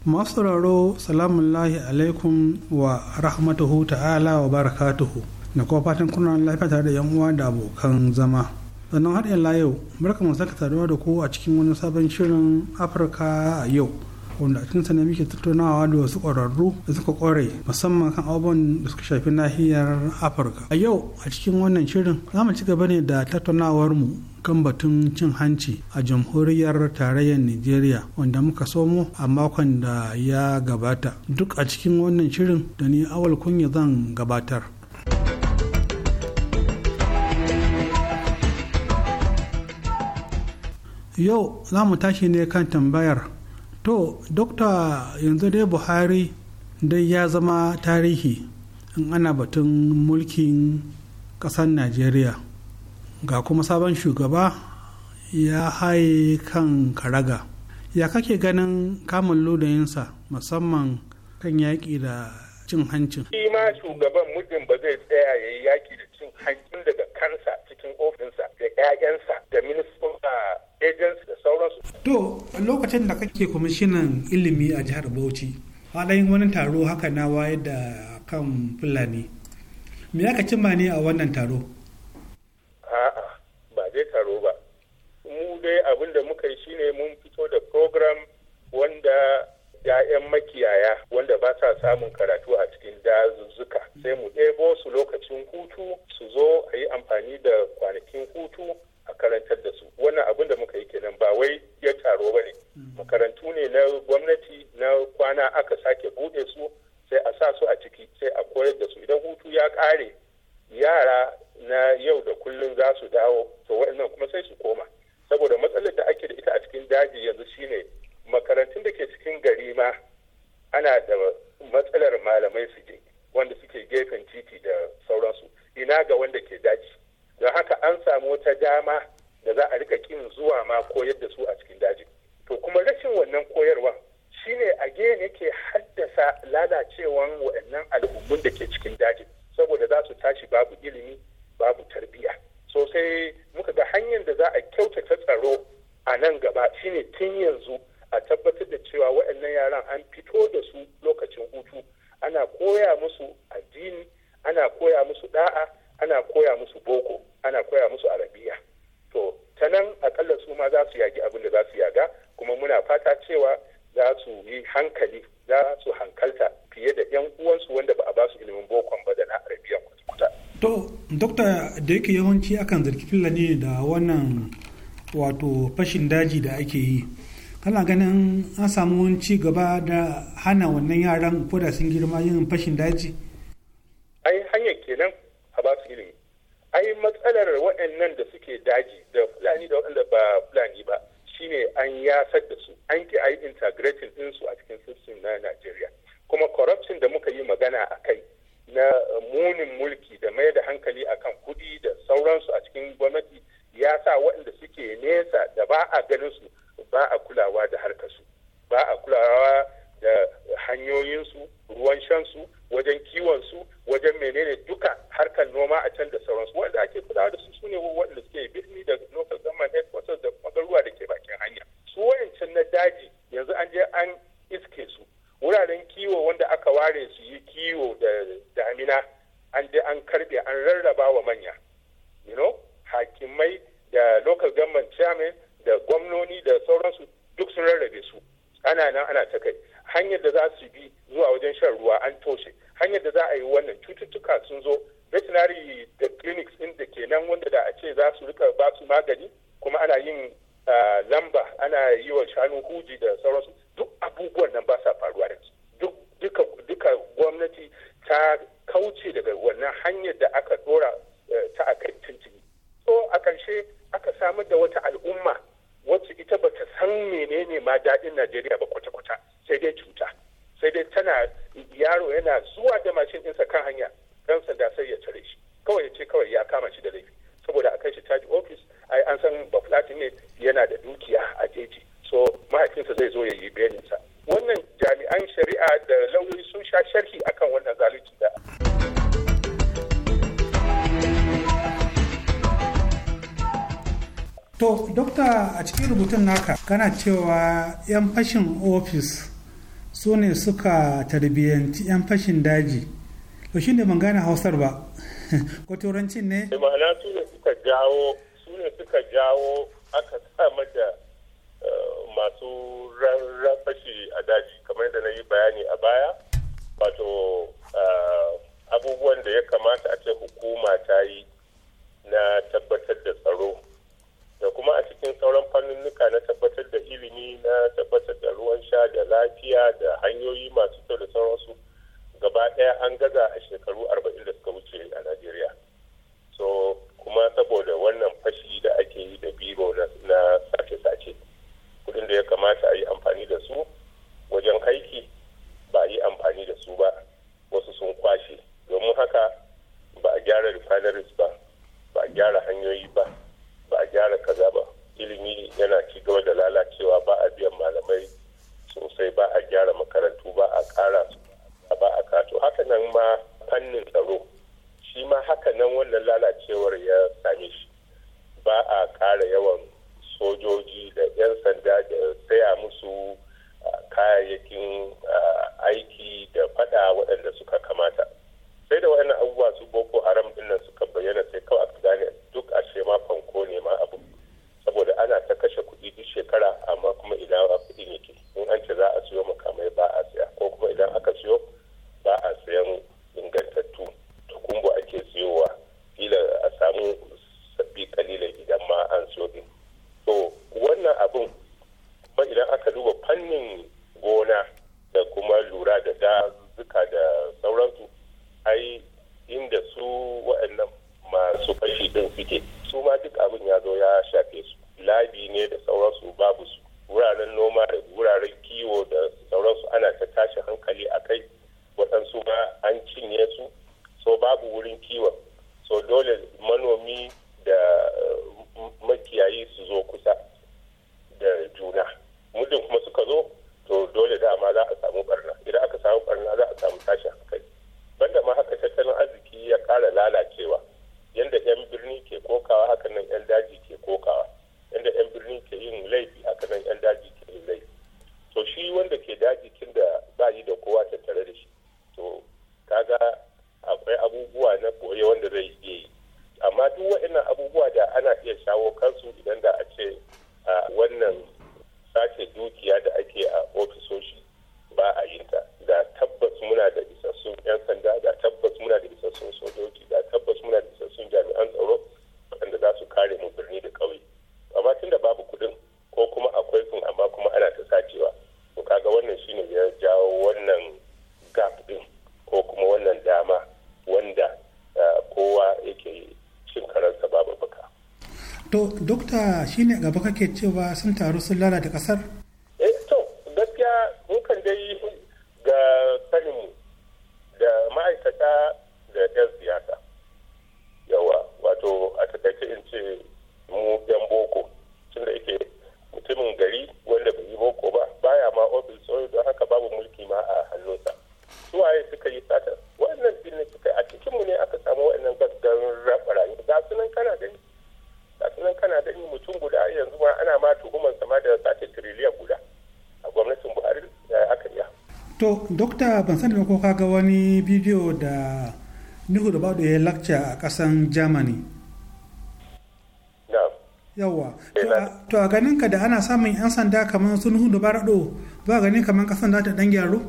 masu raro salamun lahi alaikum wa rahmatuhu ta'ala wa barakatuhu na kuma fatan kuna lafiya tare da yan uwa da abokan zama sannan har yalla yau barka mu saka taruwa da ku a cikin wani sabon shirin afirka a yau wanda a cikin sa ne muke tattaunawa da wasu ƙwararru da suka ƙware musamman kan abubuwan da suka shafi nahiyar afirka a yau a cikin wannan shirin za mu ci gaba ne da tattaunawar mu kan batun cin hanci a jamhuriyar tarayyar nigeria wanda muka somo a makon da ya gabata duk a cikin wannan shirin da ni awal kunya zan gabatar yau za mu tashi ne kan tambayar to dokta yanzu dai buhari dai ya zama tarihi in ana batun mulkin ƙasar najeriya ga kuma sabon shugaba ya haye kan karaga ya kake ganin kamun ludayinsa musamman kan yaƙi da cin hancin shi ma shugaban mutum ba zai tsaya ya yi yaƙi da cin hancin daga kansa cikin ofinsa da 'ya'yansa da ministan agents da sauransu. To lokacin da kake kwamishinan ilimi a jihar Bauchi, haɗayin wani taro haka na wayar da kan Fulani. Me aka cimma ne a wannan taro? A'a, ba dai taro ba. Mu dai abin da muka yi shine mun fito da program wanda ‘ya'yan makiyaya wanda ba sa samun karatu a cikin dazuzzuka sai mu ɗebo su lokacin hutu su zo a yi amfani da kwanakin hutu karantar da su wannan abin da muka yi kenan ba wai ya taro ba ne mm. makarantu ne na gwamnati na kwana aka sake buɗe su sai a sa su a ciki sai a koyar da su idan hutu ya kare yara na yau da kullum za su dawo to waɗannan kuma sai su koma saboda matsalar da ake da ita a cikin daji yanzu shine makarantun da ke cikin gari ma ana da matsalar malamai su je wanda suke gefen titi da sauransu ina ga wanda ke daji don haka an samu wata dama da za a rika kin zuwa ma koyar da su a cikin daji to kuma rashin wannan koyarwa shine a gene yake haddasa lalacewan waɗannan al'ummun da ke cikin daji saboda za su tashi babu ilimi babu tarbiyya sosai muka ga hanyar da za a kyautata tsaro a nan gaba shine tun yanzu a tabbatar da cewa waɗannan yaran an fito da su lokacin hutu ana koya musu addini ana koya musu da'a ana koya musu boko ana koya musu arabiya to ta nan akalla su ma za su yagi abin da za su yaga kuma muna fata cewa za su yi hankali za su hankalta fiye da yan uwansu wanda ba a ba su ilimin bokon ba da na arabiyan kwata to dokta da yake yawanci akan zargi ne da wannan wato fashin daji da ake yi kana ganin an samu ci gaba da hana wannan yaran ko da sun girma yin fashin daji ai hanyar kenan a ba su ilimi ai matsalar waɗannan da suke daji da fulani da waɗanda ba fulani ba shine an yasar da su an ki a yi integrating ɗinsu a cikin system na Najeriya kuma corruption da muka yi magana a kai na uh, munin mulki da mai da hankali akan kuɗi da sauransu a cikin gwamnati ya sa waɗanda suke nesa da ba a ganin su ba a kulawa da harkarsu ba a kulawa da hanyoyinsu ruwan shansu wajen kiwon su wajen menene duka harkar noma a can da sauransu wanda ake kula da su sune ne waɗanda suke birni da local government headquarters da magaruwa da ke bakin hanya su wayancan na daji yanzu an je an iske su wuraren kiwo wanda aka ware su yi kiwo da damina an je an karbe an rarraba wa manya you know hakimai da local government chairman da gwamnoni da sauransu duk sun rarrabe su ana nan ana ta kai hanyar da za su bi zuwa wajen shan ruwa an toshe hanyar da za a yi wannan cututtuka sun zo veterinary da clinics din da ke nan wanda da a ce za su rika ba su magani kuma ana yin lamba ana yi wa shanu huji da sauransu duk abubuwan nan ba sa faruwa da duk duka gwamnati ta kauce daga wannan hanyar da aka dora eh, ta a kan tuntuni so a ƙarshe aka samar da wata al'umma wacce ita bata san menene ma dadin najeriya rubutun naka kana cewa 'yan fashin ofis su ne suka tarbiyyanci 'yan fashin daji shi ne ban gane hausar ba ko turancin ne eh, ma'ana su wannan lalacewar ya same shi ba a kara yawan sojoji da 'yan sanda da saya musu kayayyakin aiki da fada waɗanda suka kamata sai da waɗannan abubuwa su boko haram nan suka bayyana sai kawai aka gane duk a shema fanko ne ma abu saboda ana ta kashe kuɗi duk shekara amma kuma ina kuɗi ne ke in an ce za a siyo makamai ba a siya ko kuma idan aka siyo ba a siyan ingantattu da ake siyowa kila a samu sabbi kalilan idan ma an so din to wannan abun kuma idan aka duba fannin gona da kuma lura da dazuka da sauransu ai inda su waɗannan masu fashi ɗin suke su ma duk abin ya zo ya shafe su labi ne da sauransu babu su wuraren noma da wuraren kiwo da sauransu ana ta tashi hankali a kai waɗansu ma an cinye su so babu wurin kiwon so dole manomi da uh, makiyayi su zo kusa da juna muddin kuma suka zo to dole dama za a samu barna idan aka samu barna za a samu tashi hankali banda ma haka tattalin arziki ya kara lalacewa yadda 'yan birni ke kokawa haka nan 'yan daji ke kokawa yadda 'yan birni ke yin laifi haka nan 'yan daji ke yin laifi to shi wanda ke daji tun da ba yi da kowa tattare da shi to kaga akwai abubuwa na koyo wanda zai iya yi amma duk waɗannan abubuwa da ana iya shawo kansu idan da a ce wannan sace dukiya da ake a ofisoshi ba a yi ta da tabbas muna da isassun 'yan sanda da tabbas muna da isassun sojoji da tabbas muna da isassun jami'an tsaro waɗanda za su kare mu birni da ƙauye amma tun da babu kuɗin ko kuma akwai sun amma kuma ana ta sacewa to kaga wannan to dokta shine gaba kake cewa sun taru sun lalata kasar ban sani ko ka ga wani bidiyo da nuhu da bado ya lakca a kasan germany yawa eh, to a ganin ka da ana samun yan sanda kamar su nuhu da bado ba ganin kamar kasan da ta dan gyaru.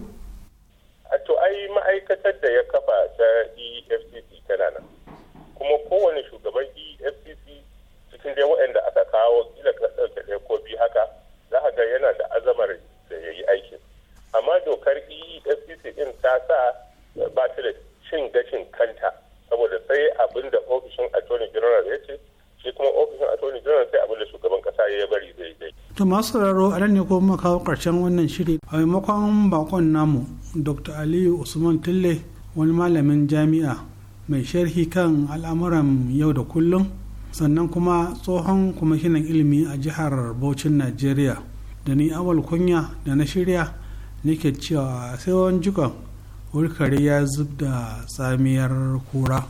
masu sauraro a nan ne kuma kawo ƙarshen wannan shiri a maimakon bakon namu dr aliyu usman tille wani malamin jami'a mai sharhi kan al'amuran yau da kullum sannan kuma tsohon kwamishinan ilimi a jihar Bauchin Najeriya da ni awal kunya da na shirya nake cewa sai wani jikon wurkari ya zub da tsamiyar kura.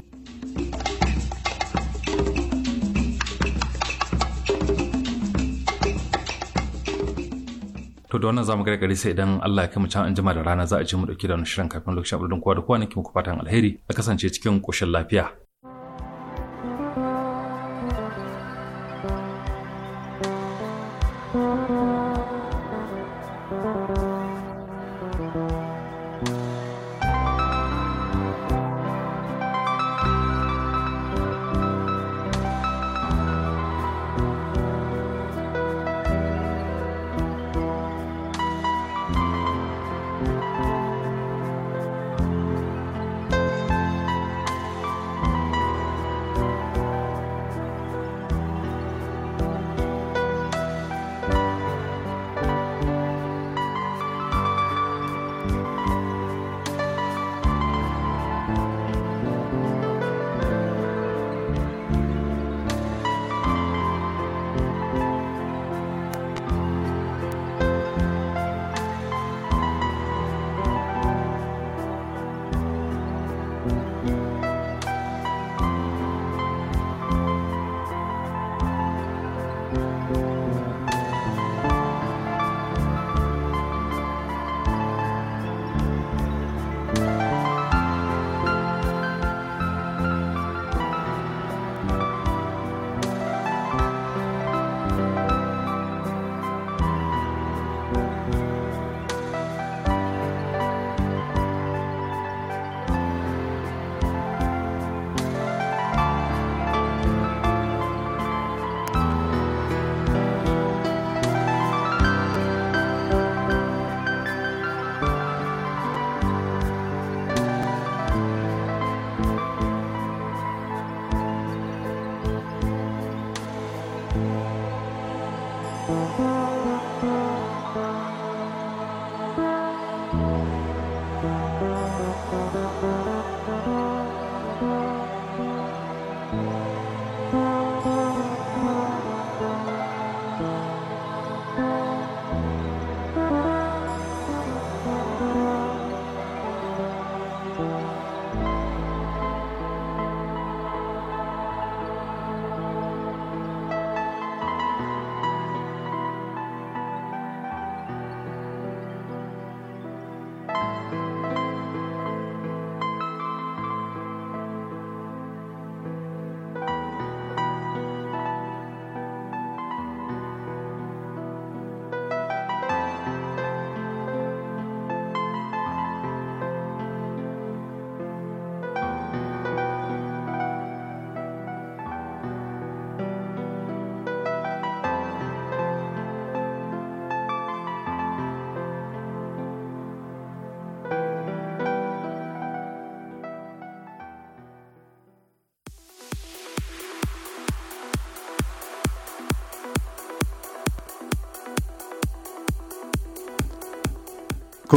to da wannan zamu ga gari sai idan Allah ya kai can an jima da rana za a je mu dauki da wani shirin kafin lokacin abudin kowa da kowa nake muku fatan alheri a kasance cikin koshin lafiya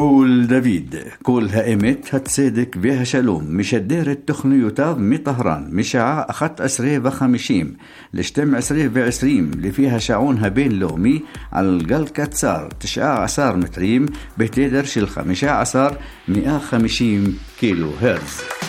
كول دافيد كول هائمت هتسيدك بها شلوم مش الدير تخنيوتاف مي طهران مشاع أخت أسري بخمشيم لشتم أسري بعسريم اللي فيها شعونها بين لومي على القل كتسار تشعى عصار متريم بتدرش الخمشة عصار مئة خمشيم كيلو هرتز